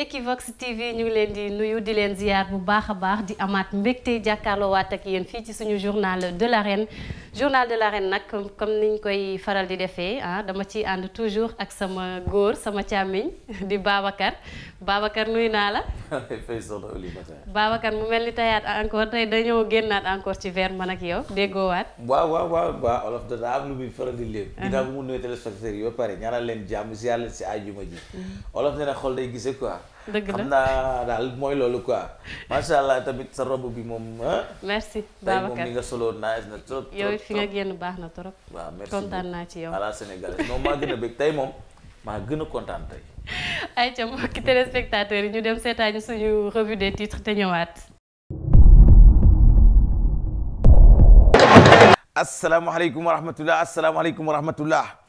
Equivox TV ñu ngi leen di nuyu di leen ziyaar bu baax a baax di amaat mbégte jàkkaarloowaat ak yéen fii ci suñu journal de l'arène journal de l'arène nag comme niñ koy faral di defee ah dama ciy ànd toujours ak sama góor sama càmmiñ di Babacar Babacar nuyu naa la. Babacar mu mel ni tayaat encore tey dañoo génnaat encore ci ver man ak yow déggoowaat. waaw waaw waaw waaw olof dana am lu muy faral di leen. Uh-huh. ginnaaw bu mu nuyu téléspectateurs yi ba pare ñaanal leen jàmm si yàlla si àjjuma dëgg la mooy loolu quoi macha allah tamit sa robe bi moom. Ah. merci Babacar tey moom li nga solo naaj na fi nga génn baax na trop. waaw kontaan naa ci yow. à la sénégalaise moom maa gën a bëgg tey moom maa gën a kontaan tey. ay ca mbokki téléspectateurs yi ñu dem seetaani suñu revue des titres te ñëwaat. asalaamaaleykum wa rahmatulah asalaamaaleykum wa rahmatulah.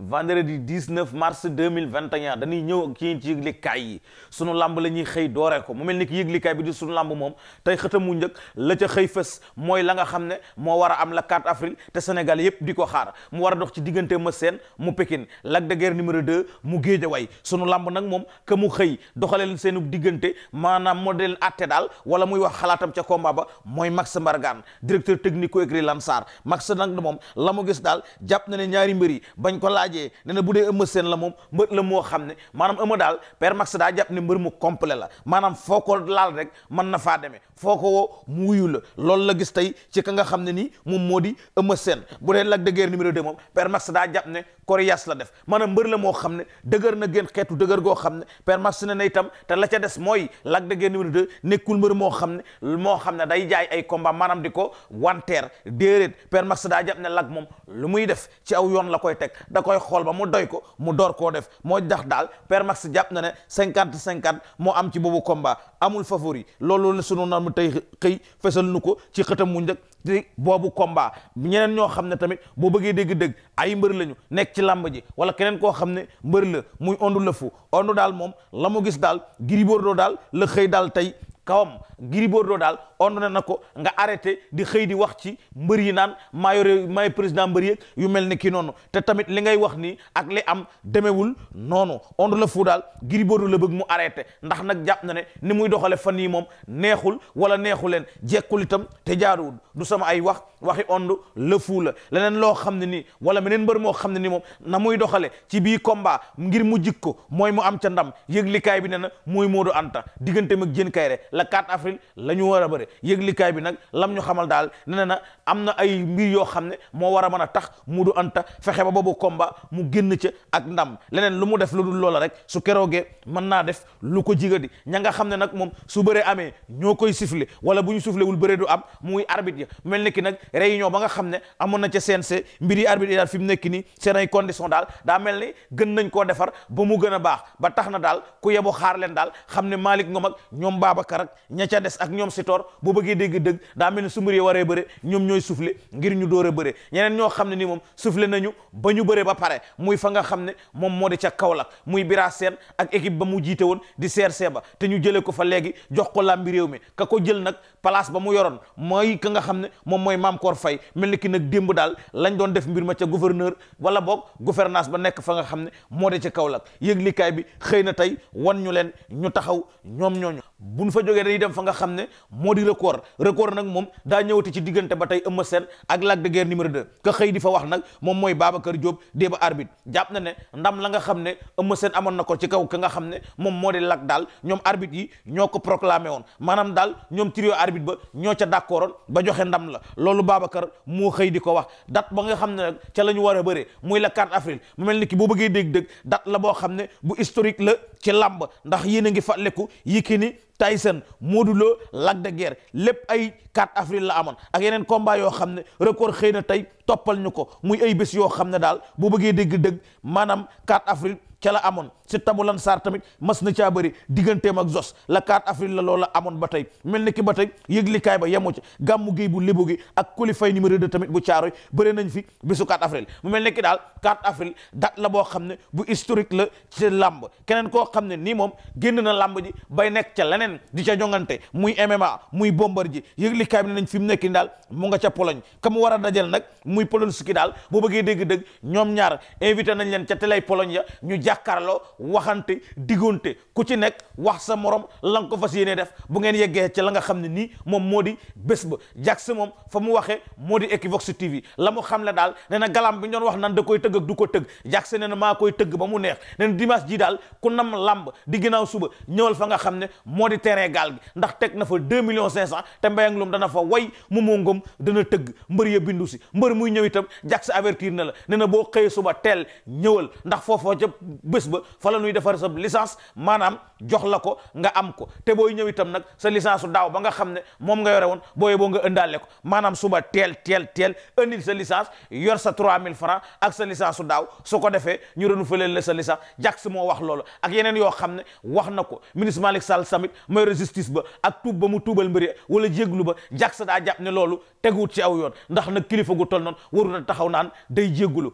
vendredi 19 mars 2021 dañuy ñëw ak yéen ci yëglikaay yi sunu lamb la ñuy xëy doore ko mu mel ni ki yëglikaay bi di sunu lamb moom tey xëtam mu njëkk la ca xëy fës mooy la nga xam ne moo war am la 4 avril te Sénégal yépp di ko xaar mu war a dox ci diggante ma seen mu Pékin Lac de Guiers numéro 2 mu Guédiawaye sunu lamb nag moom que mu xëy doxaleen seenu diggante maanaam modèle atte daal wala muy wax xalaatam ca combat ba mooy Max Mbargane directeur technique ko écrit Lansar Max nag moom la mu gis daal jàpp na ne ñaari mbër yi bañ ko laaj laajee ne bu dee Eumeu Sène la moom mbër la moo xam ne maanaam Eumeu daal Père Max daa jàpp ne mbër mu complet la maanaam foo ko laal rek mën na faa demee foo ko woo mu wuyu la loolu la gis tey ci nga xam ne nii moom moo di Eumeu Sène bu dee Lac de Guiers numéro 2 moom Père Max daa jàpp ne coriace la def maanaam mbër la moo xam ne dëgër na gën xeetu dëgër goo xam ne Père Max ne na itam te la ca des mooy Lac de Guiers numéro 2 nekkul mbër moo xam ne moo xam ne day jaay ay combat maanaam di ko wanteer déeréet Père Max daa jàpp ne Lac moom lu muy def ci aw yoon la koy teg da xool ba mu doy ko mu door koo def moo tax daal Père Max jàpp na ne cinquante cinquante moo am ci boobu komba amul favori loolu la sunu naan mu tey xëy fesal nu ko ci xëtam mu njëkk ci boobu combat ñeneen ñoo xam ne tamit boo bëggee dégg-dégg ay mbër lañu nekk ci làmb ji wala keneen koo xam ne mbër la muy ondu la fu ondu daal moom la mu gis daal Gris Bordeaux daal la xëy daal tey kawam Gris daal on na ko nga arrêté di xëy di wax ci mbër yi naan maa yore président mbër yeeg yu mel ne kii noonu te tamit li ngay wax nii ak li am demewul noonu on la fu daal Gris la bëgg mu arrêté ndax nag jàpp na ne ni muy doxale fan nii moom neexul wala neexu leen jekkul itam te jaaruwul du sama ay wax waxi ond la fu la leneen loo xam ne nii wala meneen mbër moo xam ne nii moom na muy doxale ci bii combat ngir mu jik ko mooy mu am ca ndam yëglikaay bi ne na mooy Modou Anta digganteem ak Diène Kaïré le 4 avril la ñu war a bëre yëglikaay bi nag lam ñu xamal daal nee na am na ay mbir yoo xam ne moo war a mën a tax mu du anta fexe ba boobu combat mu génn ca ak ndam leneen lu mu def lu dul loola rek su keroogee mën naa def lu ko jiga di ña nga xam ne nag moom su bëree amee ñoo koy siffler wala bu ñu sifflewul bëree du am muy arbitre ya mel ni ki nag réunion ba nga xam ne amoon na ca CNC mbir yi arbitre yi daal fi mu nekk nii seen ay condition daal daa mel ni gën nañ koo defar ba mu gën a baax ba tax na daal ku yebu xaar leen daal xam ne Malick Ngom Babacar ak ña ca des ak ñoom Sitor boo bëggee dégg dëgg daa mel ni su mbir yi waree bëre ñoom ñooy soufflé ngir ñu door a bëre ñeneen ñoo xam ne ni moom soufflé nañu ba ñu bëre ba pare muy fa nga xam ne moom moo di ca Kaolack muy Bira Sène ak équipe ba mu jiite woon di CRC ba te ñu jëlee ko fa léegi jox ko làmbi réew mi ka ko jël nag place ba mu yoroon mooy ka nga xam ne moom mooy Maam Koor Fay mel ni ki nag démb daal lañ doon def mbir ma ca gouverneur wala boog gouvernance ba nekk fa nga xam ne moo de ca Kaolack yëglikaay bi xëy na tey wan ñu leen ñu taxaw ñoom ñooñu bu buñ fa jógee dañuy dem fa nga xam ne moo di record record nag moom daa ñëwati ci diggante ba tey Eumeu Sène ak Lac de Guiers de 2 ka xëy di fa wax nag moom mooy Babacar Diop déeba arbitre jàpp na ne ndam la nga xam ne Eumeu seen amoon na ko ci kaw ka nga xam ne moom moo di lag daal ñoom arbitre yi ñoo ko proclamé woon maanaam daal ñoom trio arbitre ba ñoo ca d'accordoon ba joxe ndam la loolu Babacar moo xëy di ko wax dat ba nga xam ne nag ca la ñu war a bëree muy le 4 avril mu mel ni ki boo bëggee dégg-dëgg date la boo xam ne bu historique la ci làmb ndax yéen a ngi fàttaliku Yékini Tyson Modou Lo Lac de lépp ay 4 avril la amoon ak yeneen combat yoo xam ne record xëy na tey toppal ñu ko muy ay bés yoo xam ne daal boo bëggee dégg-dégg maanaam 4 avril. ca la amoon si tabu lan saar tamit mas na caa bëri digganteem ak zos la 4 avril la loola amoon ba tey mel ni ki ba tey yëglikaay ba yemu ci gàmmu géey bu lébu gi ak kulifay numéro 2 tamit bu caaroy bëri nañ fi bisu 4 avril mu mel ni ki daal 4 avril date la boo xam ne bu historique la ci làmb keneen koo xam ne nii moom génn na làmb ji bay nekk ca leneen di ca jongante muy MMA muy bombar ji yëglikaay bi nañ fi mu nekk ni daal mu nga ca Pologne ka war a dajal nag muy Polonski daal boo bëggee dégg-dégg ñoom ñaar invité nañ leen ca télé Pologne ya jàkkaarloo waxante diggante ku ci nekk wax sa moroom la nga ko fas yéenee def bu ngeen yeggee ci la nga xam ne nii moom moo di bés ba Jax moom fa mu waxee moo di Equivox TV la mu xam ne daal nee na galam bi ñu wax nan da koy tëgg du ko tëgg Jax nee na maa koy tëgg ba mu neex nee na dimanche ji daal ku nam lamb di ginnaaw suba ñëwal fa nga xam ne moo di terrain gaal gi ndax teg na fa deux millions cinq cent te Mbayang Loum dana fa way mu moo ngom dana tëgg mbër ya bindu si mbër muy ñëw itam Jax avertir na la nee na boo xëyee suba teel ñëwal ndax foofoo bés ba fa la defar sa licence maanaam jox la ko nga am ko te booy ñëw itam nag sa licence su daaw ba nga xam ne moom nga yore woon booyee boo nga ëndaale ko maanaam suba teel teel teel indil sa licence yor sa mille francs ak sa licence su daaw su ko defee ñu renouveler la sa licence jàk moo wax loolu ak yeneen yoo xam ne wax na ko ministre Malick Sall samit may justice ba ak tuub ba mu tuubal mbëri wala jéglu ba jàk sa daa jàpp ne loolu teguwut ci aw yoon ndax nag kilifa gu tol noonu waruna taxaw naan day jéggulu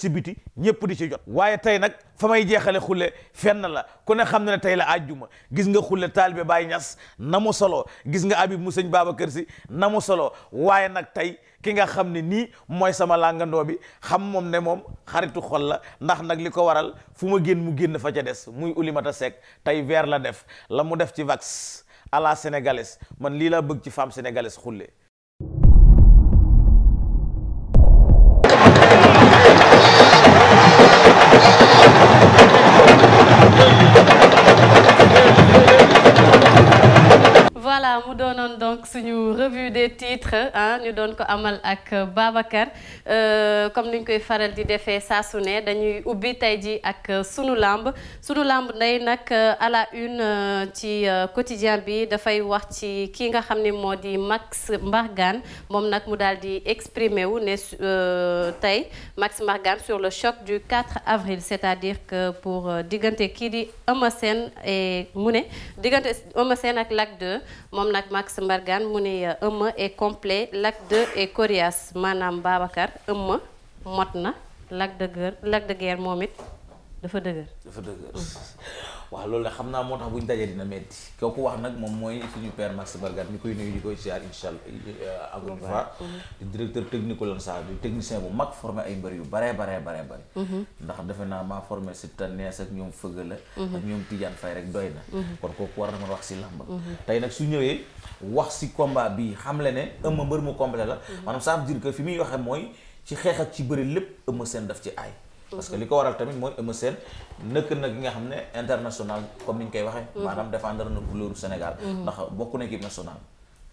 fees ci ñëpp di ci jot waaye tey nag fa may jeexale xulle fenn la ku ne xam na ne tey la àjjuma gis nga xulle taalibe Baay Ñas na mu solo gis nga Habib mu sëñ Babacar Si na mu solo waaye nag tey ki nga xam ne nii mooy sama làngandoo bi xam moom ne moom xaritu xol la ndax nag li ko waral fu ma génn mu génn fa ca des muy Oulimata Seck tey weer la def la mu def ci vax à la man lii laa bëgg ci femme sénégalaise xulle voilà mu doonoon donc suñu revue des titres ah ñu doon ko amal ak Babacar euh, comme ni koy faral di defee saa ne dañuy ubbi tey ji ak suñu euh, làmb sunu làmb nday nag euh, à la une ci quotidien bi dafay wax ci ki nga xam ni moo di Max Mbargane moom nag mu daal di exprimer wu ne tey Max Mbargane sur le choc du 4 avril c'est-à-dire que pour diggante kii di Eumeu Sène et mu ne diggante Eumeu Sène ak Lac 2 moom nag Max Mbargane mu ne ëmma euh, est complet Lac et coriace maanaam Babacar ëmma mot na Lac de Guiers moom it dafa dëgër dafa dëgër mm. waaw loolu la xam naa moo tax bu ñu dajee dina metti kooku wax nag moom mooy suñu père Max Bargat ñu koy nuyu di koy ziar incha allah encore euh, une technique lan saa di technicien bu mag formé ay mbër yu baree baree baree bëri mhm. ndax defe naa maa formé si tanees ak ñoom fëgg la mhm. ak ñoom Tidiane Faye rek doy na mhm. kon kooku war na mën wax si lamba tey nag su ñëwee wax si combat bi xam le ne ëmma mbër mu complet la maanaam ça veut dire fi muy waxee mooy ci xeex ak ci bëri lépp ëmma seen daf ci aay parce mhm. que li ko waral tamit mooy Eumeu Sène nëkk na gi nga xam ne international comme ni ñu koy waxee mhm. maanaam défendre na couleur Sénégal mhm. ndax bokk na équipe nationale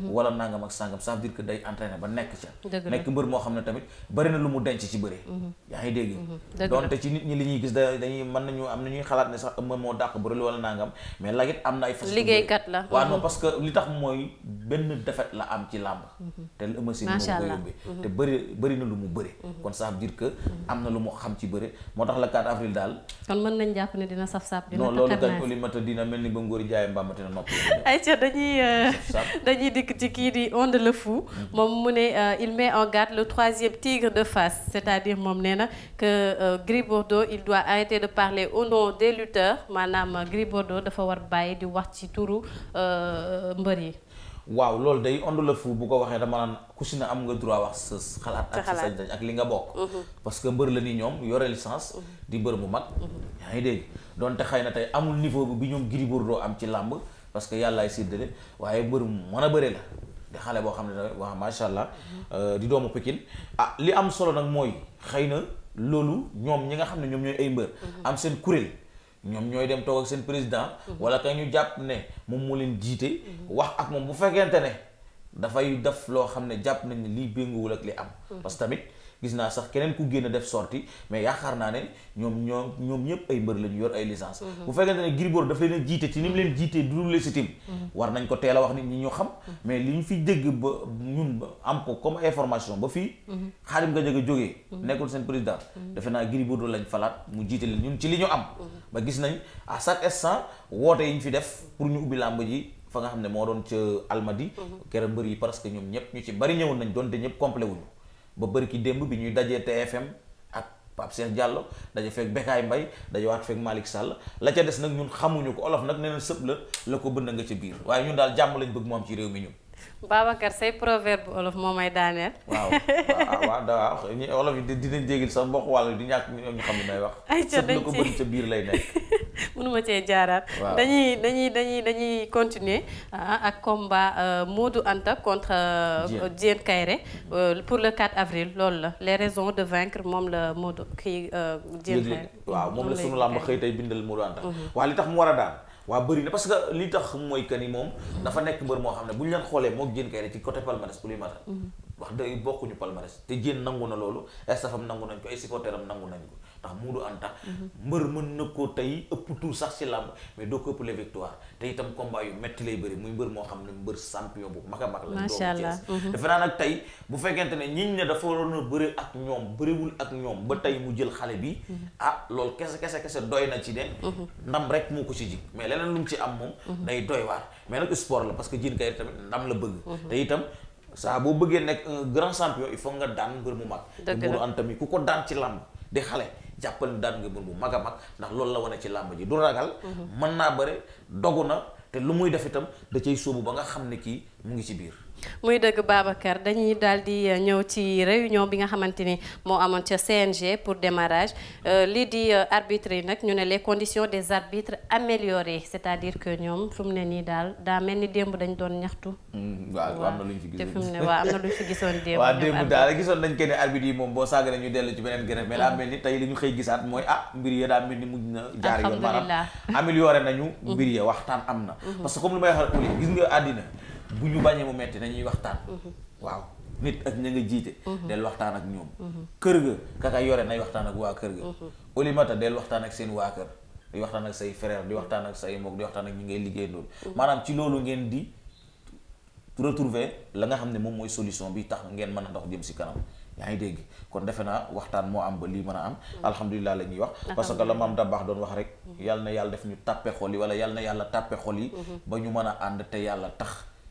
Mm-hmm. wala nangam ak sangam ça veut dire que day entraîné ba nekk ca nekk mbër moo xam ne tamit bari lu mu denc ci bëre mm-hmm. yaa ngi dégg mm-hmm. donte ci nit ñi li ñuy gis da dañuy mën nañu am nañuy xalaat ne sax ëmma moo dàq bëri wala nangam mais lagit am na ay fas liggéeykat la waaw non parce que li tax mooy benn defet la am ci làmb te ëmma si moo ko yóbbee te bëri na lu mu bëri kon ça veut dire que am na lu mu xam ci bëre moo tax la 4 avril daal kon mën nañ jàpp nekk ci kii di Onde le Fou moom mu ne euh, il met en garde le troisième tigre de Fass c'est-à-dire moom nee na que euh, Gris Bordeaux il doit arrêter de parler au nom des lutteurs maanaam euh, Gris Bordeaux dafa war bàyyi di wax ci turu mbër yi. waaw loolu de Onde la Fou bu ko waxee dama naan ku si ne am nga droit wax sa xalaat ak sa sañ ak li nga bokk mhm. parce que mbër la ni ñoom yore licence mhm. di mbër bu mag mhm. yaa ngi dégg donte xëy na tey amul niveau bi ñoom Gris Bordeaux am ci làmb parce que yàllaay séddale waaye mbër mu a bëre la di xale boo xam ne da wax macha allah euh, di doomu Pikine ah li am solo nag mooy xëy na loolu ñoom ñi nga xam ne ñoom ñooy ay mbër mhm. am seen kuréel ñoom ñooy dem toog ak seen président mhm. wala kay ñu jàpp ne moom mu leen jiite mhm. wax ak moom bu fekkente ne dafay def loo xam ne jàpp nañ ne lii bénguwul ak li am parce tamit gis naa sax keneen ku génn def sortie mais yaakaar naa ne ñoom ñoom ñoom ay mbër la ñu yor ay licence mhm. bu fekkente ne Gris Bordeaux leen a jiite ci ni leen jiitee dudul légitime mhm. war nañ ko teel a wax nit ñi ñu xam mhm. mais li ñu fi dégg ba ñun am ko comme information ba fii Khadim Gadiaga jógee nekkul seen président defe naa Gris Bordeaux lañ falaat mu jiite leen ñun ci li ñu am ba gis nañ à chaque instant woote yi ñu fi def pour ñu ubbi làmb ji fa nga xam ne moo doon ca Almadi kere mbër yi parce que ba bëri ki démb bi ñuy dajee TFM ak Pape Cheikh Diallo daje feeg Bekaay mbay daje waat feeg Malick sàll la ca des nag ñun xamuñu ko olof nag nee na sëb la la ko bënd nga ca biir waaye ñun daal jàmm lañ bëgg mu ci réew mi ñun Babacar say proverbe olof moo may daaneel. waaw waaw waaw olof yi dinañ jéggil sax mboq wàll di ñàkk ñu xam ne may wax. ay ca dañ ko bëri ca biir lay nekk. mënuma cee jaaraat. dañuy dañuy dañuy dañuy continuer ah, ak combat euh, Modou Anta contre. Euh, Diène Kairé euh, pour le 4 avril loolu la les raisons de vaincre moom la Modou kii Diène Kairé. waaw moom la sunu làmb xëy tey bindal Modou Anta. Mhm. waaw li tax mu war a daan. waa bëri na parce que li tax mooy que ni moom dafa nekk mbër moo xam ne bu ñu leen xoolee moo Diène Kaïré ci côté palmarès ku li matal mhm. wax dëgg bokkuñu palmarès te Diène nangu na loolu estafam nangu nañ ko ay supporteram nangu nañ ko ndax Moodu Anta. Mhm. mbër mën na ko tey ëpp tur sax ci làmb mais doo ko ëpp les victoire te itam combat yu métti lay bëri muy mbër moo xam ne mbër champion bu mag a mag la. macha allah mhm. defe naa nag tey bu fekkente ne ñiñ ne dafa waroon a bëri ak ñoom bëriwul ak ñoom ba tey mu jël mhm. ah, am tamit mbër mu mag. dëgg la Moodu Anta ku ko daan ci làmb di xale. jàppal ni daan nga bun bu mag a mag ndax loolu la wane ci làmb ji du ragal mhm. mën naa bëre dogu na te lu muy def itam da cay sóobu ba nga xam ne kii mu ngi ci biir muy dëgg Babacar dañuy daal di euh, ñëw ci réunion bi nga xamante ni moo amoon ca CNG pour démarrage euh, lii di euh, arbitre yi nag ñu ne les condition des arbitres améliorées c'est-à-dire que ñoom fu mu ne nii daal daa mel ni démb dañ doon ñaxtu. Mm, waaw lu ne waaw am na lu ñu gisoon démb. waaw gisoon nañ kenn arbitre moom boo saaga ñu dellu beneen grève mais daa mel ni tey li ñu xëy gisaat mooy ah daa mel ni mujj na jaar yoon maanaam nañu mm-hmm. mbir ya waxtaan am na mm-hmm. parce comme li may wax gis nga àddina bu ñu bañee mu metti dañuy waxtaan mhm. waaw nit ak ña nga jiite mhm. del waxtaan ak ñoom mhm. kër ga kaka yore nay waxtaan ak waa kër ga olimata del waxtaan ak seen waa kër di waxtaan ak say frère di waxtaan ak say mbokk di waxtaan ak ñu ngay liggéey doon maanaam ci loolu ngeen di retrouver la nga xam ne moom mooy solution bi tax ngeen man a dox jëm si kanam yaa ngi dégg kon defe naa waxtaan moo am ba lii mën a am alhamdulilah la ñuy wax parce que la maam da baax doon wax na yàlla def ñu tàppe xol yi wala yàlla na yàlla tàppe yi ba a ànd te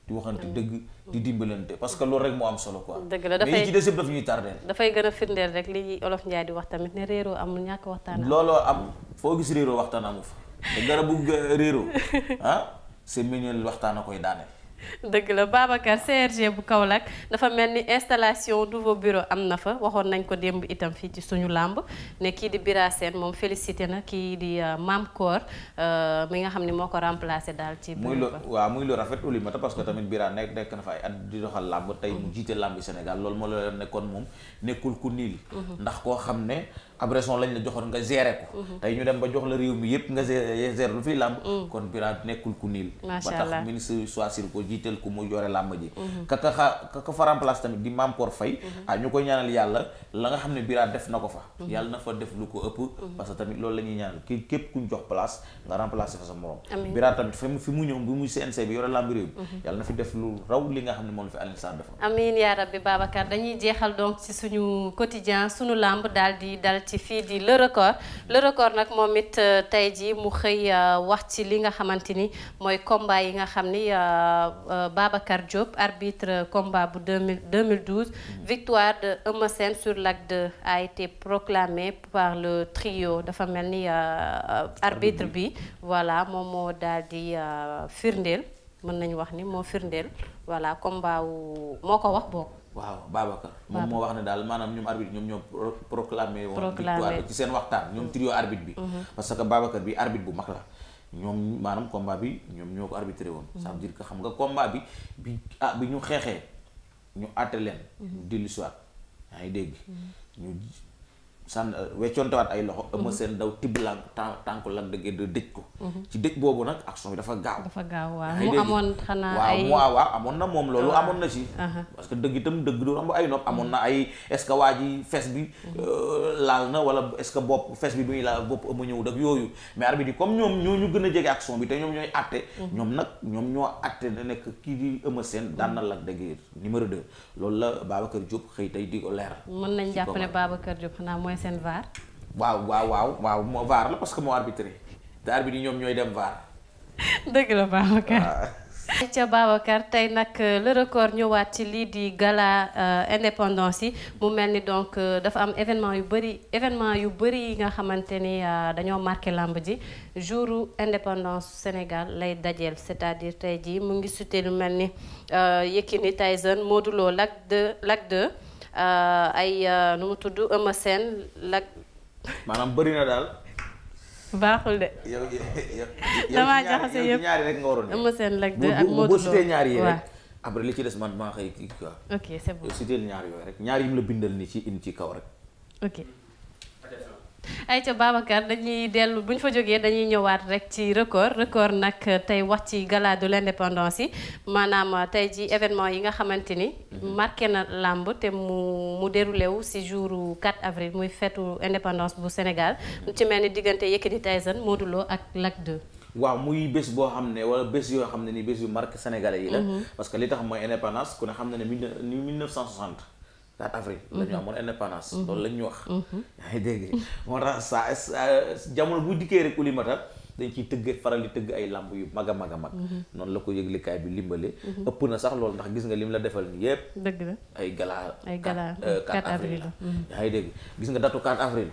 di waxante mm. dëgg di dimbalante parce que loolu rek moo am solo quoi. dëgg la dafay mais ci des yëpp daf ñuy tardé. dafay gën a firndeel rek li olof Njaay di wax tamit ne réeroo amul ñàkk waxtaan. looloo am foo gis réeroo waxtaan amu fa te garabu réeroo ah c'est mignon waxtaan a koy daaneel. dëgg la Babacar CRG bu Kaolack dafa mel ni installation nouveau bureau am na fa waxoon nañ ko démb itam fii ci suñu làmb ne kii di Bira Sène moom félicité na kii di euh, Mam Koor euh, mi nga xam ni moo ko remplacé daal ci. muy lu waaw muy lu rafet Oulimata parce que tamit Bira nekk na fa ay at di doxal làmb tey mu jiite làmb Sénégal loolu moo la nekkoon moom nekkul ku niil. Mhm. ndax koo xam ne ab raison lañ la joxoon nga gérer ko. Mhm. tey ñu dem ba jox la réew mi yëpp nga gérer lu fiy làmb. Mhm. kon jiital ko mu yore làmb ji kaka mhm. xa kaka fa remplace tamit di Mampor Faye mhm. ah ñu koy ñaanal yàlla la nga xam ne Bira def na ko fa mhm. yàlla na fa def lu ko ëpp parce que tamit loolu la ñuy ñaanal ki képp kuñ jox place nga remplacer fa sa morom Bira tamit fa fi mu ñëw bi muy CNC bi yore làmb réew bi yàlla na fi def lu raw li nga xam ne moom la fi Alioune Sarr defa yaa rabbi Babacar dañuy jeexal donc suñu quotidien suñu làmb daal di dal ci fii di le record Euh, Babacar Diop arbitre euh, combat bu 2012 mm. victoire de Eumeu Sène sur l'acte 2 a été proclamée par le trio dafa mel ni euh, arbitre bi voilà moom moo daal di firndeel mën nañu wax ni moo firndeel voilà combat wu moo ko wax bokk waaw Babacar moom moo wax ne daal maanaam ñoom arbitre ñoom ñoo proclamé woon victoire ci seen waxtaan ñoom trio arbitre bi mm-hmm. parce que Babacar bi arbitre bu mag la ñoom maanaam combat bi ñoom ñoo ko arbitré woon. ça veut dire que xam nga combat bi bi ah bi ñu xeexee ñu àtte leen. Mhm. ñu dellu si waat yaa ngi dégg. Mhm. ñu sànn euh, weccoontewaat ay loxo ëmma mhm. seen daw tiblank tànk Lac de Guiers 2 dëj ko mhm. ci dëj boobu nag action bi dafa gaaw dafa gaaw waaw mu amoon xanaa ay waaw waaw amoon na moom loolu amoon na ci parce que dëgg itam dëgg du amoon na ay est waa ji fes bi mhm. euh, laal na wala est bopp fes bi bi muy laal bopp ëmma ñëw dak yooyu mais arbitre yi comme ñoom ñoo ñu gën a jege action bi te ñoom ñooy àtte ñoom nag ñoom ñoo àtte da nekk kii di ëmma seen daan na Lac de Guiers la Babacar Diop xëy tey di ko seen VAR. waaw waaw waaw waaw moo VAR la parce que moo arbitré te arbitre yi ñoom ñooy dem VAR. dëgg la Babacar. ca Babacar tey nag euh, le record ñëwaat ci lii di gala euh, indépendance yi mu mel ni donc euh, dafa am événement yu bëri yu bëri yi nga xamante ni dañoo marqué làmb ji jouru indépendance Sénégal lay dajeel c'est-à-dire tey jii mu ngi sutee lu mel ni Yékini Tyson Modou Lo Lac 2 Lac Euh, ay euh, nu mu tudd Eumeu Sène lak maanaam bari na daal. baaxul de. yow damaa jaxase yëpp ñaari rek nga waroon. Eumeu Sène lak de ak Modou Lo boo cité ñaari yi rek. après li ci des man maa xëy kii quoi. ok c'est bon yow cité ñaar yooyu rek ñaar yi mu la bindal ni ci indi ci kaw rek. ay ayca Babacar dañuy dellu bu ñu fa jógee dañuy ñëwaat rek ci record record nag tey wax ci gala de l'indépendance yi maanaam tey ci événement yi nga xamante ni mhm. marqué na làmb te mu mu déroulé wu si jouru 4 avril muy feetu indépendance bu Sénégal mhm. ci mel ni diggante Yékini Tyson Modou Lo ak Lac 2 waaw muy bés boo xam ne wala bés yoo xam ne ni bés yu marqué sénégalais yi la mhm. parce que li tax mooy indépendance ku ne xam ne ne mille neuf 4 avril. la ñu amoon indépendance. Mm-hmm. loolu la ñu wax. Mm-hmm. yaa ngi dégg moo tax saa jamono bu dikkee rek Oulimata dañ ci tëgg faral di tëgg ay làmb yu mag a mag a mag. Mm-hmm. noonu la ko yëglikaay bi limbale. ëpp na sax loolu ndax gis nga lim la defal nii yépp dëgg la ay gala. ay gala 4 euh, avril la. yaa ngi dégg gis nga datu 4 avril.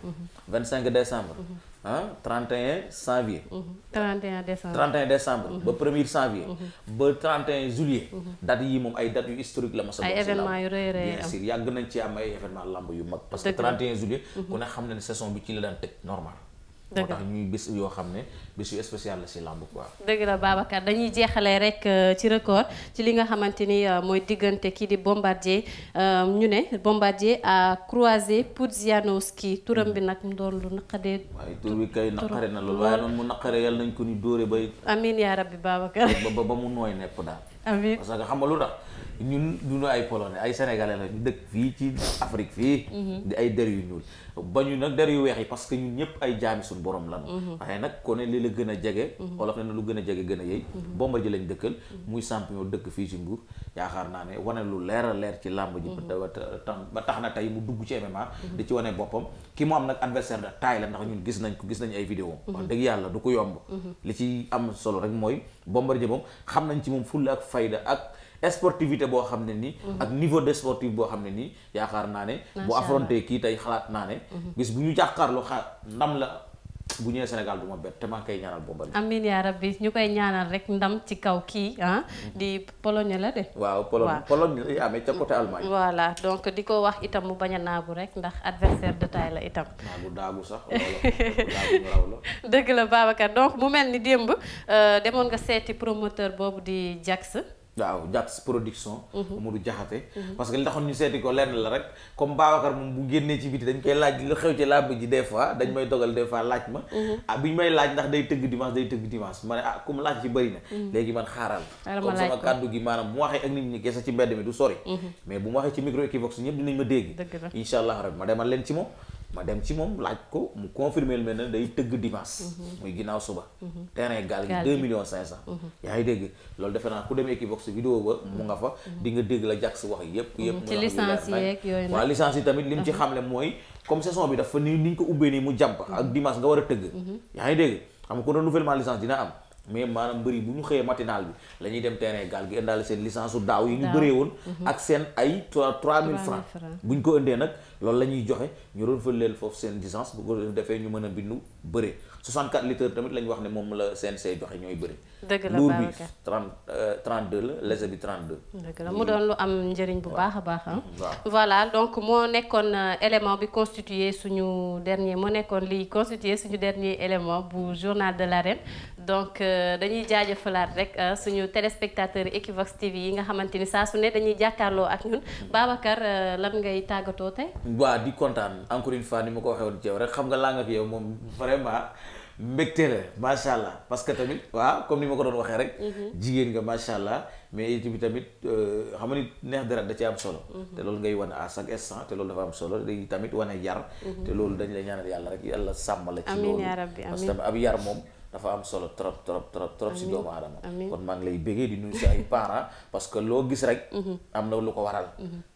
25 décembre. ah 31 janvier. 31 mhm. décembre 31 décembre. Mhm. ba 1er janvier. Mhm. ba 31 juillet. date yi moom ay date yu historique la mos a. ay événements yu rëy rëy bien sûr yàgg nañ ci am ay événement lamb yu mag. parce que 31 juillet. ku ne xam na ne saison bi ci la daan tëj normal. moo yoo xam ne bés yu la si làmb quoi. dëgg la Babacar dañuy jeexalee rek euh, ci record ci li nga xamante ni euh, mooy diggante kii di bombardier euh, ñu ne bombardier a croisé Pudzianowski turam bi nag mu doon lu naqaree. waaye tur bi kay naqare na loolu waaye mu naqaree yàlla nañ ko ni dóore bay. amiin yaa bi Babacar. ba ba mu nooy nepp daal. amiin parce que lu tax. ñun duñu ay polonais ay sénégalais la ñu dëkk fii ci Afrique fii. Mhm. di ay der yu ñuul bañu nag der yu weex yi parce que ñun ñëpp ay jaami suñu borom lanu mhm. waaye nag ku ne li la gën a jege. Mhm. olof ne na lu gën a jege gën a yey. bomba ji lañ dëkkal muy dëkk fii ci Mbour yaakaar naa ne wane lu leer a leer ci làmb ji. ba tax na tey mu dugg ci ci wane boppam ki mu am nag adversaire de taille ndax ñun gis nañ ko gis nañ ay vidéo wax dëgg yàlla du ko yomb. li ci am solo rek mooy Bombardier moom xam nañ ci moom fulla ak fayda ak. sportivité boo xam ne nii. Mhm. ak niveau de sportif boo xam ne nii yaakaar naa ne. bu affronté kii tey xalaat naa ne. Mhm. bis bu ñu jàkkaarloo xa ndam la. bu ñëwee Sénégal du ma bett te maa koy ñaanal bombal. amiin yaa rabbi ñu koy ñaanal rek ndam ci kaw kii ah. Mhm. di Pologne la de. waaw Pologne Pologne la amee ca côté Allemagne. voilà donc di ko wax itam mu bañ a naagu rek ndax adversaire de taille la itam. naagu daagu sax wala dëgg la Babacar donc mu mel ni démb euh, demoon nga waaw jàpp si production. Modou mhm. Jaxate mhm. parce que li taxoon ñu seeti ko lenn la rek comme Babacar moom bu génnee ci biti dañ koy laaj lu xew ci làmb ji des dañ may dogal des laaj ma. Mhm. Ah, bi ñu may laaj ndax day tëgg dimanche day tëgg dimanche ma ne ah comme laaj ci bëri léegi man xaaral. comme sama kàddu gi maanaam bu ma waxee ak nit ñi kese ci mbedd mi du sori. mais bu ma waxee ci micro Equivox ñëpp dinañ ma dégg. dëgg allah rabbi ma demal leen ci ma dem ci moom laaj ko mu confirmer mel ne day tëgg dimanche. Mhm. muy ginnaaw suba. Mhm. terrain gaal gi deux millions cinq cent. Mhm. yaa ngi dégg loolu defe naa ku demee Equivox vidéo ba mu nga fa. di nga dégg la Jax wax yépp yépp ci licence yeeg yooyu yi tamit lim ci xamle mooy comme saison bi dafa ni ni ñu ko ubbee nii mu jàmp ak dimanche nga war a tëgg. yaa dégg xam nga ko renouvellement licence dina am. mais maanaam mbëri bu ñu xëyee matinal bi la ñuy dem terrain gaal gi indaale seen licence su daaw yi ñu bëree woon mhm. ak seen ay trois mille francs bu ñu ko indee nag loolu la ñuy joxe ñu renouveler leen foofu seen licence bu ko defee ñu mën a bindu bëree 64 litres tamit la wax ne moom la CNC joxe ñooy bëri. dëgg la luur bi 30 euh, la léger bi 32. dëgg la mu doon lu am njëriñ bu baax a baax voilà donc moo nekkoon euh, élément bi constitué suñu dernier moo nekkoon li constitué suñu dernier élément bu journal de l'arène donc euh, dañuy jaajëfalaat rek suñu téléspectateurs Equivox TV yi nga xamante ni saa su ne dañuy jàkkaarloo ak ñun Babacar lan ngay tàggatoo tey. waaw di kontaan encore une fois xam nga laa mbégte la macha allah parce que tamit waaw comme ni ma ko doon waxee rek. Mhm. jigéen nga macha allah mais bi tamit euh, xam nga ni neex dara da ci am solo. Mhm. te loolu ngay wane à chaque instant te loolu dafa am solo day tamit wane yar. Mhm. te loolu dañ la ñaanal yàlla rek yàlla sàmm la. ci loolu parce que ab yar moom. dafa am solo trop trop trop trop si doomu aadama kon maa ngi lay bégee di nuyu si ay parents parce que loo gis rek. am na lu ko waral.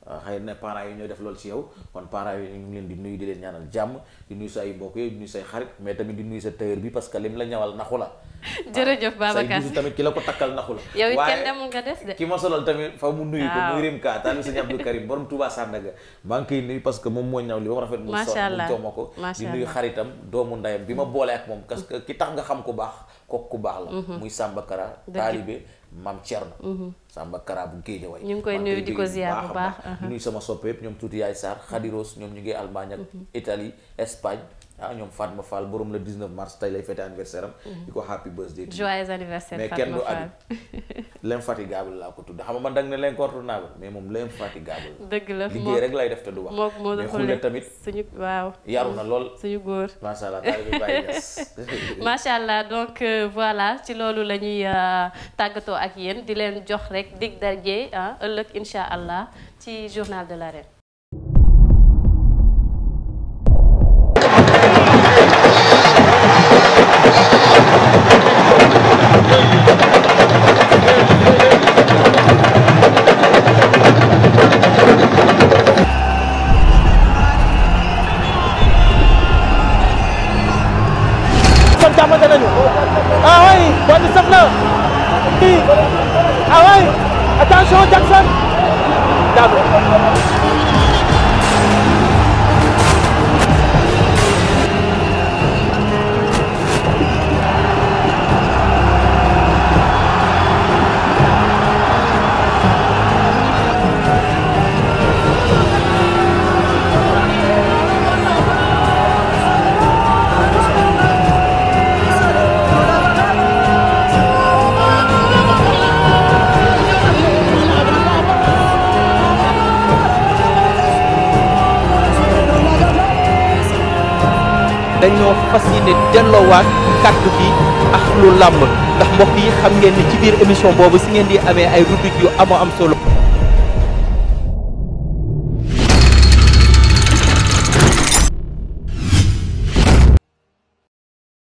Euh, xëy na parents yi ñooy def loolu ci yow kon parents yi ñu leen di nuyu di leen ñaanal jàmm di nuyu say mbokk yi di nuyu say xarit mais tamit la ñawal naxu la jërëjëf la ko takkal ma solal tamit fa mu nuyu ko muy Rimka taalibu sëñ Abdou Karim borom Touba koy nuyu parce que moom moo ñaw li ba mu rafet mu sol mu jox ma ko di nuyu xaritam doomu ndayam bi ma boole ak moom parce que ki tax nga xam ku baax kooku ku baax la mm-hmm. muy Samba Kara taalibe maam Thierno. Mhm. Samba Kara bu Géejawaay. ñu ngi koy nuyu di ko ziar bu baax. Mhm. nuyu sama soppe yëpp ñoom tuuti yaay Sarr Khadiros ñoom ñu ngi Allemagne ak mhm. Italie Espagne. ah ñoom Fatma Fall borom le 19 mars tey lay fête anniversaire am. Mm-hmm. di ko happy birthday. joyeux anniversaire mais kenn du abi l'infatigable laa ko tudd xam nga man da nga ne l'incontournable mais moom l'infatigable. dëgg la moom liggéey rek lay def te du wax. moom moo doon mais tamit. suñu waaw yaru na lool suñu góor. macha allah macha allah donc euh, voilà ci loolu la ñuy euh, tàggatoo ak yéen di leen jox rek dig daje ah ëllëg incha allah ci journal de l'arène. delloowaat kàddu bi ak lu làmb ndax mbokk yi xam ngeen ne ci biir émission boobu si ngeen di amee ay rubrique yu amoo am solo